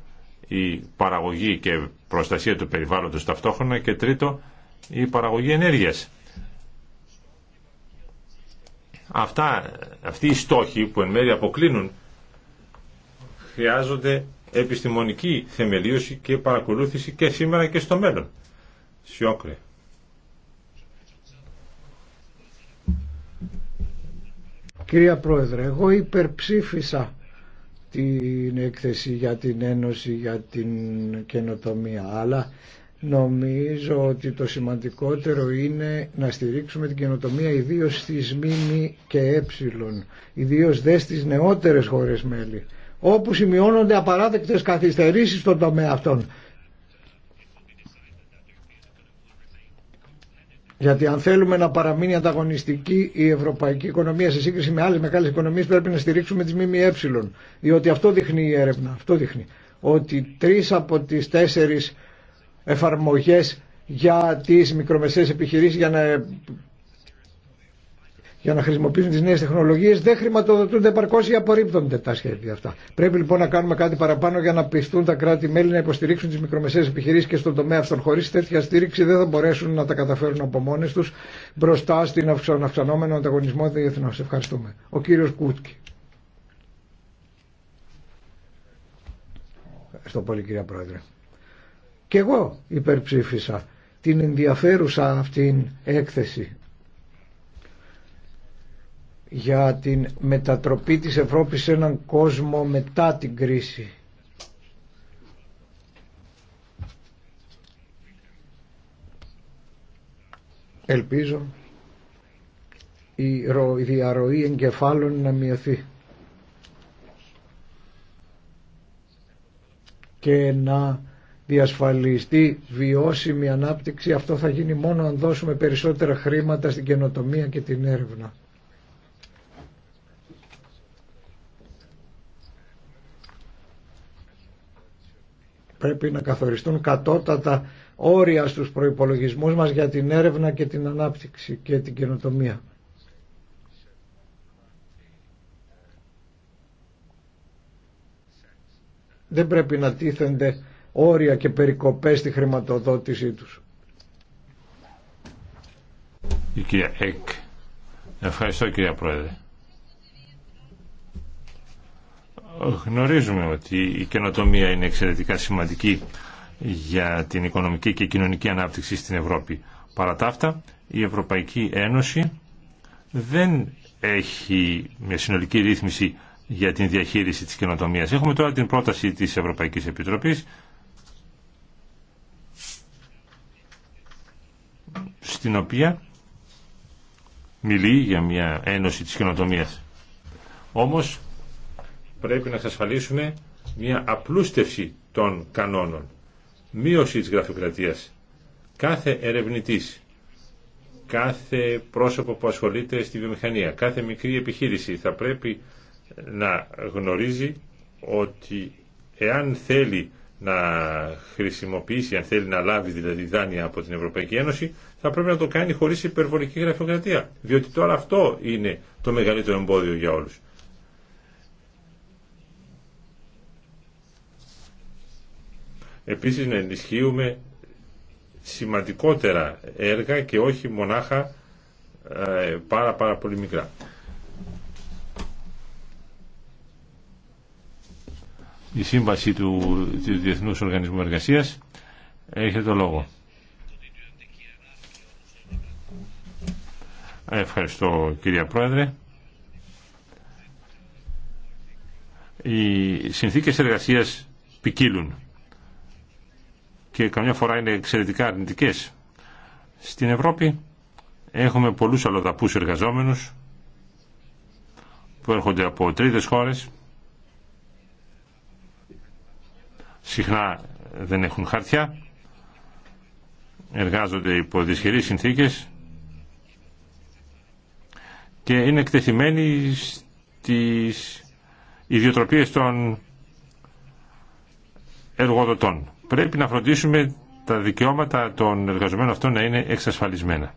η παραγωγή και προστασία του περιβάλλοντος ταυτόχρονα και τρίτο η παραγωγή ενέργειας. Αυτά, αυτοί οι στόχοι που εν μέρει αποκλίνουν χρειάζονται επιστημονική θεμελίωση και παρακολούθηση και σήμερα και στο μέλλον. Σιόκρε. Κυρία Πρόεδρε, εγώ υπερψήφισα την έκθεση για την Ένωση για την Καινοτομία αλλά νομίζω ότι το σημαντικότερο είναι να στηρίξουμε την καινοτομία ιδίως στις ΜΜΕ και ε ιδίως δε στις νεότερες χώρες μέλη όπου σημειώνονται απαράδεκτες καθυστερήσεις στον τομέα αυτών Γιατί αν θέλουμε να παραμείνει ανταγωνιστική η ευρωπαϊκή οικονομία σε σύγκριση με άλλες μεγάλε οικονομίες πρέπει να στηρίξουμε τι ΜΜΕ. Διότι αυτό δείχνει η έρευνα, αυτό δείχνει. Ότι τρεις από τις τέσσερις εφαρμογές για τις μικρομεσαίες επιχειρήσεις για να για να χρησιμοποιήσουν τι νέε τεχνολογίε, δεν χρηματοδοτούνται επαρκώ ή απορρίπτονται τα σχέδια αυτά. Πρέπει λοιπόν να κάνουμε κάτι παραπάνω για να πιστούν τα κράτη-μέλη να υποστηρίξουν τι μικρομεσαίες επιχειρήσει και στον τομέα αυτών. χωρί τέτοια στήριξη δεν θα μπορέσουν να τα καταφέρουν από μόνε του μπροστά στην αυξανόμενο ανταγωνισμό διεθνώ. Ευχαριστούμε. Ο κύριο Κούτκι. Ευχαριστώ πολύ κυρία Πρόεδρε. Και εγώ υπερψήφισα την ενδιαφέρουσα αυτήν έκθεση για την μετατροπή της Ευρώπης σε έναν κόσμο μετά την κρίση. Ελπίζω η διαρροή εγκεφάλων να μειωθεί και να διασφαλιστεί βιώσιμη ανάπτυξη. Αυτό θα γίνει μόνο αν δώσουμε περισσότερα χρήματα στην καινοτομία και την έρευνα. πρέπει να καθοριστούν κατώτατα όρια στους προϋπολογισμούς μας για την έρευνα και την ανάπτυξη και την καινοτομία. Δεν πρέπει να τίθενται όρια και περικοπές στη χρηματοδότησή τους. Η κυρία Εκ. Ευχαριστώ κυρία Πρόεδρε. Γνωρίζουμε ότι η καινοτομία είναι εξαιρετικά σημαντική για την οικονομική και κοινωνική ανάπτυξη στην Ευρώπη. Παρά τα η Ευρωπαϊκή Ένωση δεν έχει μια συνολική ρύθμιση για την διαχείριση της καινοτομίας. Έχουμε τώρα την πρόταση της Ευρωπαϊκής Επιτροπής στην οποία μιλεί για μια ένωση της καινοτομίας. Όμως πρέπει να εξασφαλίσουμε μια απλούστευση των κανόνων, μείωση της γραφειοκρατίας. Κάθε ερευνητής, κάθε πρόσωπο που ασχολείται στη βιομηχανία, κάθε μικρή επιχείρηση θα πρέπει να γνωρίζει ότι εάν θέλει να χρησιμοποιήσει, αν θέλει να λάβει δηλαδή δάνεια από την Ευρωπαϊκή Ένωση, θα πρέπει να το κάνει χωρίς υπερβολική γραφειοκρατία. Διότι τώρα αυτό είναι το μεγαλύτερο εμπόδιο για όλους. Επίσης να ενισχύουμε σημαντικότερα έργα και όχι μονάχα ε, πάρα πάρα πολύ μικρά. Η σύμβαση του, του Διεθνούς Οργανισμού Εργασίας έχει το λόγο. Ευχαριστώ κυρία Πρόεδρε. Οι συνθήκες εργασίας ποικίλουν και καμιά φορά είναι εξαιρετικά αρνητικές. Στην Ευρώπη έχουμε πολλούς αλλοδαπούς εργαζόμενους που έρχονται από τρίτες χώρες συχνά δεν έχουν χαρτιά εργάζονται υπό δυσχερείς συνθήκες και είναι εκτεθειμένοι στις ιδιοτροπίες των εργοδοτών πρέπει να φροντίσουμε τα δικαιώματα των εργαζομένων αυτών να είναι εξασφαλισμένα.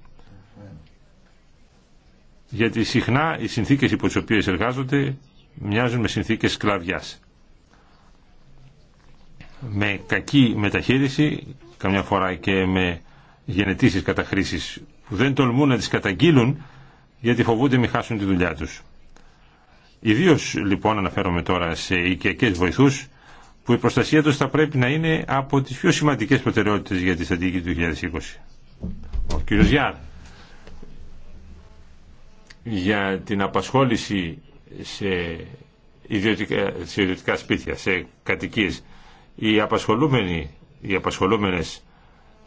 Γιατί συχνά οι συνθήκες υπό τις οποίες εργάζονται μοιάζουν με συνθήκες σκλαβιάς. Με κακή μεταχείριση, καμιά φορά και με γενετήσεις καταχρήσεις που δεν τολμούν να τις καταγγείλουν γιατί φοβούνται μη χάσουν τη δουλειά τους. Ιδίω λοιπόν αναφέρομαι τώρα σε οικιακές βοηθούς που η προστασία τους θα πρέπει να είναι από τις πιο σημαντικές προτεραιότητες για τη στρατηγική του 2020. Ο κ. Γιάρ, για την απασχόληση σε ιδιωτικά, σε ιδιωτικά σπίτια, σε κατοικίες, οι απασχολούμενοι, οι απασχολούμενες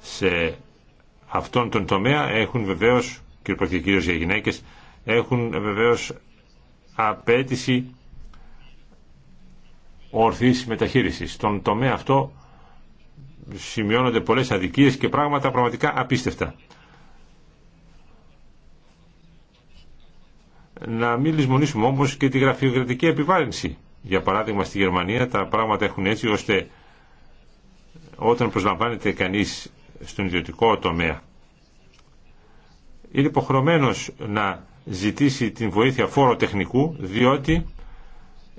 σε αυτόν τον τομέα έχουν βεβαίως, και κυρίως για γυναίκες, έχουν βεβαίως απέτηση ορθής μεταχείρισης. Στον τομέα αυτό σημειώνονται πολλές αδικίες και πράγματα πραγματικά απίστευτα. Να μην λησμονήσουμε όμως και τη γραφειοκρατική επιβάρυνση. Για παράδειγμα στη Γερμανία τα πράγματα έχουν έτσι ώστε όταν προσλαμβάνεται κανείς στον ιδιωτικό τομέα είναι υποχρεωμένος να ζητήσει την βοήθεια φόρο τεχνικού διότι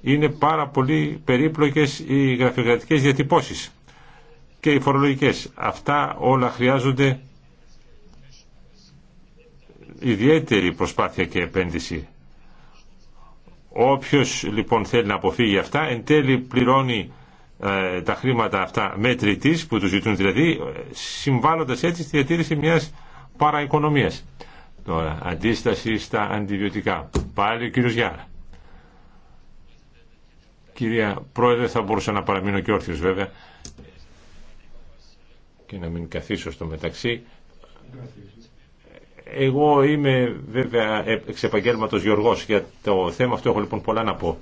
είναι πάρα πολύ περίπλοκες οι γραφειοκρατικές διατυπώσεις και οι φορολογικές. Αυτά όλα χρειάζονται ιδιαίτερη προσπάθεια και επένδυση. Όποιος λοιπόν θέλει να αποφύγει αυτά, εν τέλει πληρώνει ε, τα χρήματα αυτά μέτρητής που τους ζητούν δηλαδή, συμβάλλοντας έτσι στη διατήρηση μιας παραοικονομίας. Τώρα, αντίσταση στα αντιβιωτικά. Πάλι ο κύριος Κυρία Πρόεδρε, θα μπορούσα να παραμείνω και όρθιος βέβαια και να μην καθίσω στο μεταξύ. Εγώ είμαι βέβαια εξ επαγγέλματος Γεωργός για το θέμα αυτό έχω λοιπόν πολλά να πω.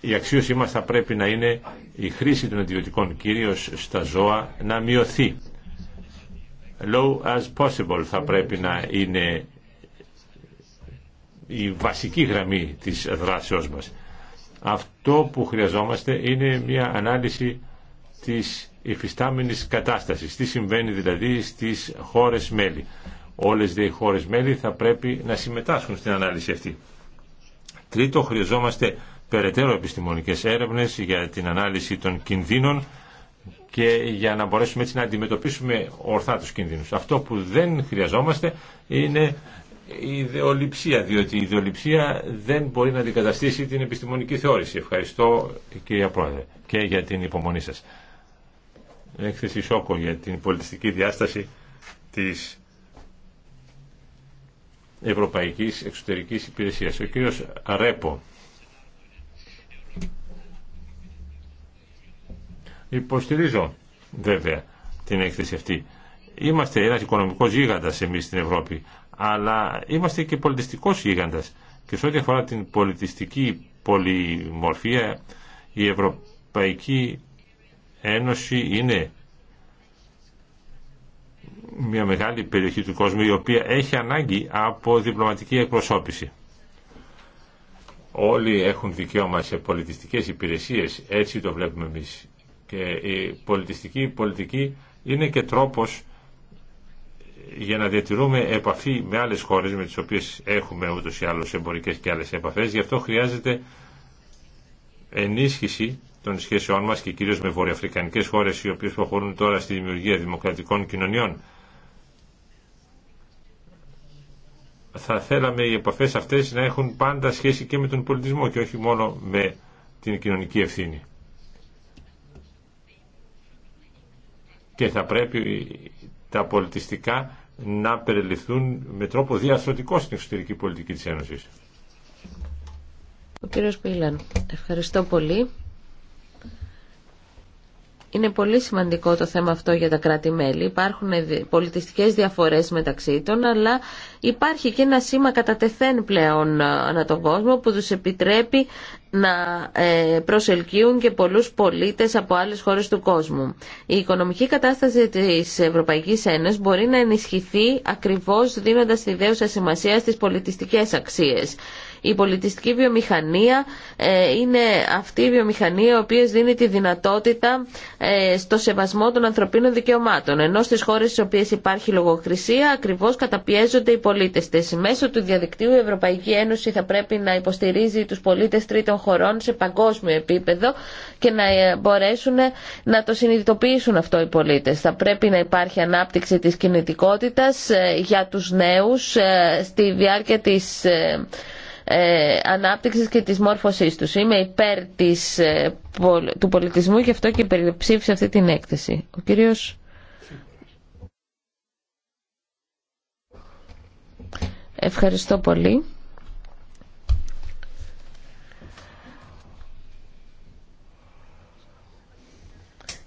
Η αξίωσή μας θα πρέπει να είναι η χρήση των ιδιωτικών, κυρίως στα ζώα να μειωθεί. Low as possible θα πρέπει να είναι η βασική γραμμή της δράσεώς μας. Αυτό που χρειαζόμαστε είναι μια ανάλυση της υφιστάμενης κατάστασης. Τι συμβαίνει δηλαδή στις χώρες μέλη. Όλες οι χώρες μέλη θα πρέπει να συμμετάσχουν στην ανάλυση αυτή. Τρίτο, χρειαζόμαστε περαιτέρω επιστημονικές έρευνες για την ανάλυση των κινδύνων και για να μπορέσουμε έτσι να αντιμετωπίσουμε ορθά τους κινδύνους. Αυτό που δεν χρειαζόμαστε είναι η ιδεολειψία, διότι η ιδεολειψία δεν μπορεί να αντικαταστήσει την επιστημονική θεώρηση. Ευχαριστώ κυρία Πρόεδρε και για την υπομονή σας. Έκθεση σόκο για την πολιτιστική διάσταση της Ευρωπαϊκής Εξωτερικής Υπηρεσίας. Ο κύριος Ρέπο. Υποστηρίζω βέβαια την έκθεση αυτή. Είμαστε ένας οικονομικός γίγαντας εμείς στην Ευρώπη αλλά είμαστε και πολιτιστικός γίγαντας και σε ό,τι αφορά την πολιτιστική πολυμορφία η Ευρωπαϊκή Ένωση είναι μια μεγάλη περιοχή του κόσμου η οποία έχει ανάγκη από διπλωματική εκπροσώπηση. Όλοι έχουν δικαίωμα σε πολιτιστικές υπηρεσίες, έτσι το βλέπουμε εμείς. Και η πολιτιστική πολιτική είναι και τρόπος για να διατηρούμε επαφή με άλλες χώρες με τις οποίες έχουμε ούτως ή άλλως εμπορικές και άλλες επαφές. Γι' αυτό χρειάζεται ενίσχυση των σχέσεών μας και κυρίως με βορειοαφρικανικές χώρες οι οποίες προχωρούν τώρα στη δημιουργία δημοκρατικών κοινωνιών. Θα θέλαμε οι επαφές αυτές να έχουν πάντα σχέση και με τον πολιτισμό και όχι μόνο με την κοινωνική ευθύνη. Και θα πρέπει τα πολιτιστικά να περιληφθούν με τρόπο διαρθρωτικό στην εξωτερική πολιτική της Ένωσης. Ο κύριος ευχαριστώ πολύ. Είναι πολύ σημαντικό το θέμα αυτό για τα κράτη-μέλη. Υπάρχουν πολιτιστικές διαφορές μεταξύ των, αλλά υπάρχει και ένα σήμα κατατεθέν πλέον ε, ανά τον κόσμο που τους επιτρέπει να ε, προσελκύουν και πολλούς πολίτες από άλλες χώρες του κόσμου. Η οικονομική κατάσταση της Ευρωπαϊκής Ένωσης μπορεί να ενισχυθεί ακριβώς δίνοντας τη δέουσα σημασία στις πολιτιστικές αξίες η πολιτιστική βιομηχανία ε, είναι αυτή η βιομηχανία η οποία δίνει τη δυνατότητα ε, στο σεβασμό των ανθρωπίνων δικαιωμάτων. Ενώ στις χώρες στις οποίες υπάρχει λογοκρισία ακριβώς καταπιέζονται οι πολίτες της. Μέσω του διαδικτύου η Ευρωπαϊκή Ένωση θα πρέπει να υποστηρίζει τους πολίτες τρίτων χωρών σε παγκόσμιο επίπεδο και να ε, μπορέσουν να το συνειδητοποιήσουν αυτό οι πολίτες. Θα πρέπει να υπάρχει ανάπτυξη της κινητικότητας για τους νέους στη διάρκεια της ε, ανάπτυξης και της μόρφωσής τους. Είμαι υπέρ της, ε, του πολιτισμού γι' αυτό και περιψήφισα αυτή την έκθεση. Ο κύριος... Ευχαριστώ πολύ.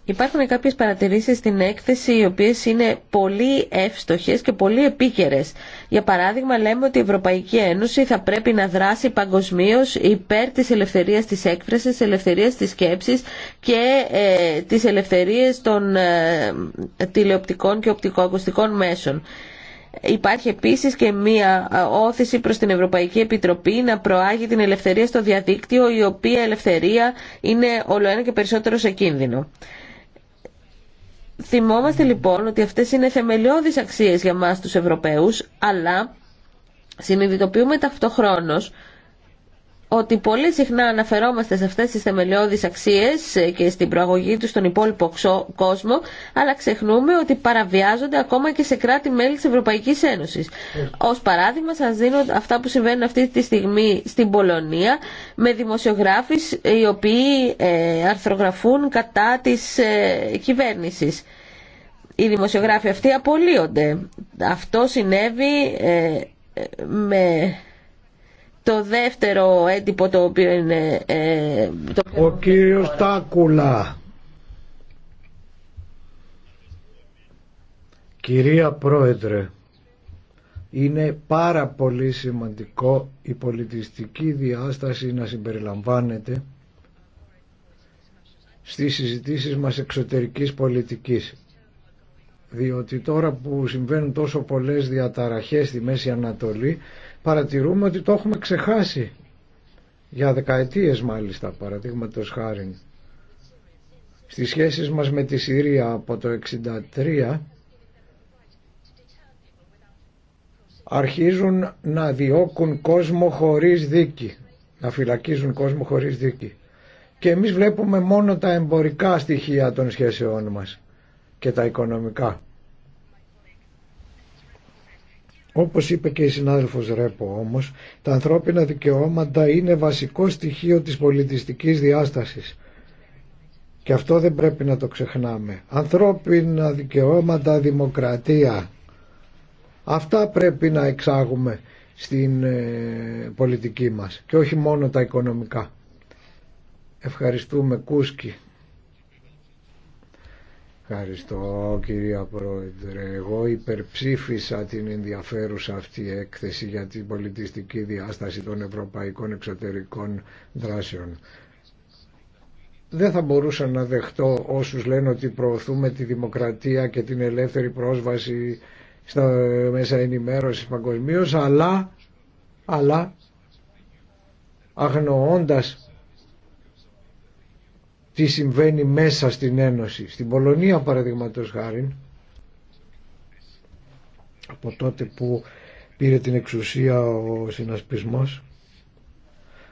Υπάρχουν κάποιες παρατηρήσεις στην έκθεση οι οποίες είναι πολύ εύστοχες και πολύ επίκαιρες. Για παράδειγμα λέμε ότι η Ευρωπαϊκή Ένωση θα πρέπει να δράσει παγκοσμίω υπέρ της ελευθερίας της έκφρασης, της ελευθερίας της σκέψης και ε, της ελευθερίας των ε, τηλεοπτικών και οπτικοακουστικών μέσων. Υπάρχει επίσης και μία ε, όθηση προς την Ευρωπαϊκή Επιτροπή να προάγει την ελευθερία στο διαδίκτυο, η οποία ελευθερία είναι όλο και περισσότερο σε κίνδυνο. Θυμόμαστε λοιπόν ότι αυτές είναι θεμελιώδεις αξίες για μας τους Ευρωπαίους, αλλά συνειδητοποιούμε ταυτόχρονος ότι πολύ συχνά αναφερόμαστε σε αυτές τις θεμελιώδεις αξίες ε, και στην προαγωγή του στον υπόλοιπο κόσμο, αλλά ξεχνούμε ότι παραβιάζονται ακόμα και σε κράτη-μέλη της Ευρωπαϊκής Ένωσης. Ε. Ως παράδειγμα σας δίνω αυτά που συμβαίνουν αυτή τη στιγμή στην Πολωνία με δημοσιογράφεις οι οποίοι ε, αρθρογραφούν κατά της ε, κυβέρνησης. Οι δημοσιογράφοι αυτοί απολύονται. Αυτό συνέβη με το δεύτερο έντυπο το οποίο είναι... Ε, το Ο κύριος Τάκουλα. Κυρία Πρόεδρε, είναι πάρα πολύ σημαντικό η πολιτιστική διάσταση να συμπεριλαμβάνεται στις συζητήσεις μας εξωτερικής πολιτικής. Διότι τώρα που συμβαίνουν τόσο πολλές διαταραχές στη Μέση Ανατολή, παρατηρούμε ότι το έχουμε ξεχάσει για δεκαετίες μάλιστα παραδείγματος χάρη στις σχέσεις μας με τη Συρία από το 1963 αρχίζουν να διώκουν κόσμο χωρίς δίκη να φυλακίζουν κόσμο χωρίς δίκη και εμείς βλέπουμε μόνο τα εμπορικά στοιχεία των σχέσεών μας και τα οικονομικά όπως είπε και η συνάδελφος Ρέπο όμως, τα ανθρώπινα δικαιώματα είναι βασικό στοιχείο της πολιτιστικής διάστασης. Και αυτό δεν πρέπει να το ξεχνάμε. Ανθρώπινα δικαιώματα, δημοκρατία. Αυτά πρέπει να εξάγουμε στην ε, πολιτική μας και όχι μόνο τα οικονομικά. Ευχαριστούμε Κούσκι. Ευχαριστώ κυρία Πρόεδρε. Εγώ υπερψήφισα την ενδιαφέρουσα αυτή έκθεση για την πολιτιστική διάσταση των ευρωπαϊκών εξωτερικών δράσεων. Δεν θα μπορούσα να δεχτώ όσους λένε ότι προωθούμε τη δημοκρατία και την ελεύθερη πρόσβαση στα μέσα ενημέρωσης παγκοσμίω, αλλά, αλλά αγνοώντας τι συμβαίνει μέσα στην Ένωση. Στην Πολωνία παραδείγματος χάρη από τότε που πήρε την εξουσία ο συνασπισμός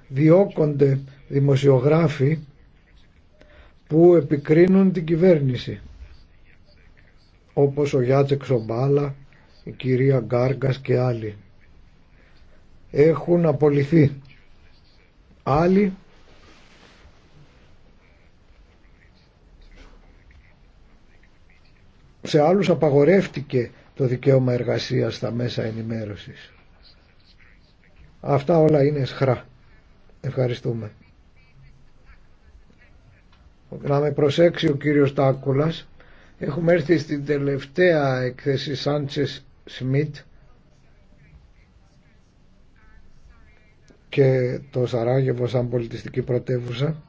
διώκονται δημοσιογράφοι που επικρίνουν την κυβέρνηση όπως ο Γιάτσεκ Σομπάλα, η κυρία Γκάργκας και άλλοι έχουν απολυθεί άλλοι σε άλλους απαγορεύτηκε το δικαίωμα εργασίας στα μέσα ενημέρωσης. Αυτά όλα είναι σχρά. Ευχαριστούμε. Να με προσέξει ο κύριος Τάκουλας. Έχουμε έρθει στην τελευταία έκθεση Σάντσες Σμιτ και το Σαράγεβο σαν πολιτιστική πρωτεύουσα.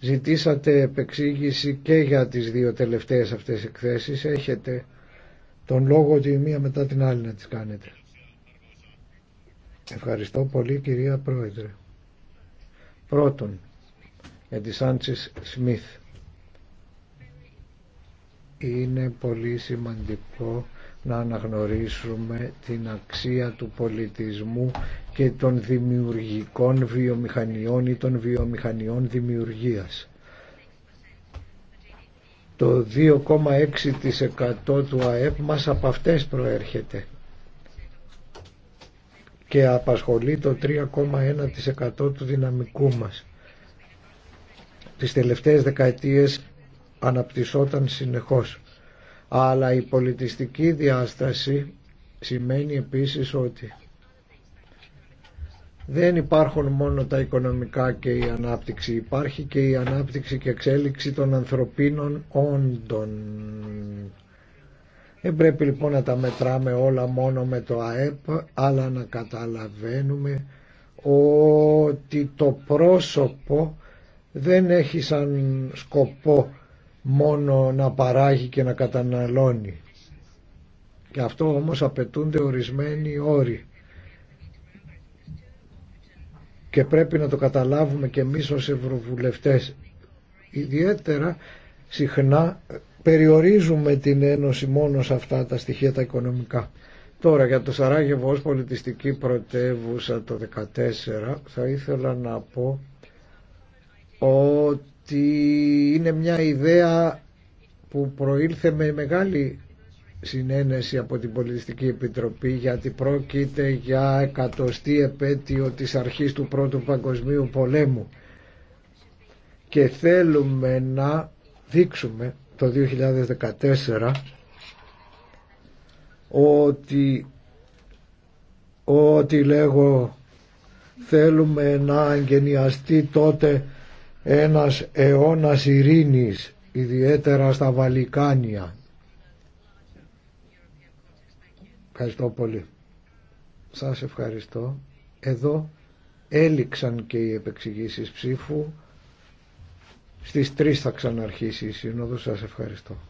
Ζητήσατε επεξήγηση και για τις δύο τελευταίες αυτές εκθέσεις. Έχετε τον λόγο ότι η μία μετά την άλλη να τις κάνετε. Ευχαριστώ πολύ κυρία Πρόεδρε. Πρώτον, για τη Σάντσις Σμιθ. Είναι πολύ σημαντικό να αναγνωρίσουμε την αξία του πολιτισμού και των δημιουργικών βιομηχανιών ή των βιομηχανιών δημιουργίας. Το 2,6% του ΑΕΠ μας από αυτές προέρχεται και απασχολεί το 3,1% του δυναμικού μας. Τις τελευταίες δεκαετίες αναπτυσσόταν συνεχώς. Αλλά η πολιτιστική διάσταση σημαίνει επίσης ότι δεν υπάρχουν μόνο τα οικονομικά και η ανάπτυξη, υπάρχει και η ανάπτυξη και εξέλιξη των ανθρωπίνων όντων. Δεν πρέπει λοιπόν να τα μετράμε όλα μόνο με το ΑΕΠ, αλλά να καταλαβαίνουμε ότι το πρόσωπο δεν έχει σαν σκοπό μόνο να παράγει και να καταναλώνει. Και αυτό όμως απαιτούνται ορισμένοι όροι και πρέπει να το καταλάβουμε και εμείς ως ευρωβουλευτές. Ιδιαίτερα συχνά περιορίζουμε την Ένωση μόνο σε αυτά τα στοιχεία τα οικονομικά. Τώρα για το Σαράγεβο ως πολιτιστική πρωτεύουσα το 2014 θα ήθελα να πω ότι είναι μια ιδέα που προήλθε με μεγάλη συνένεση από την Πολιτιστική Επιτροπή γιατί πρόκειται για εκατοστή επέτειο της αρχής του Πρώτου Παγκοσμίου Πολέμου και θέλουμε να δείξουμε το 2014 ότι ότι λέγω θέλουμε να εγγενιαστεί τότε ένας αιώνας ειρήνης ιδιαίτερα στα Βαλικάνια Ευχαριστώ πολύ. Σας ευχαριστώ. Εδώ έληξαν και οι επεξηγήσεις ψήφου. Στις 3 θα ξαναρχίσει η σύνοδος. Σας ευχαριστώ.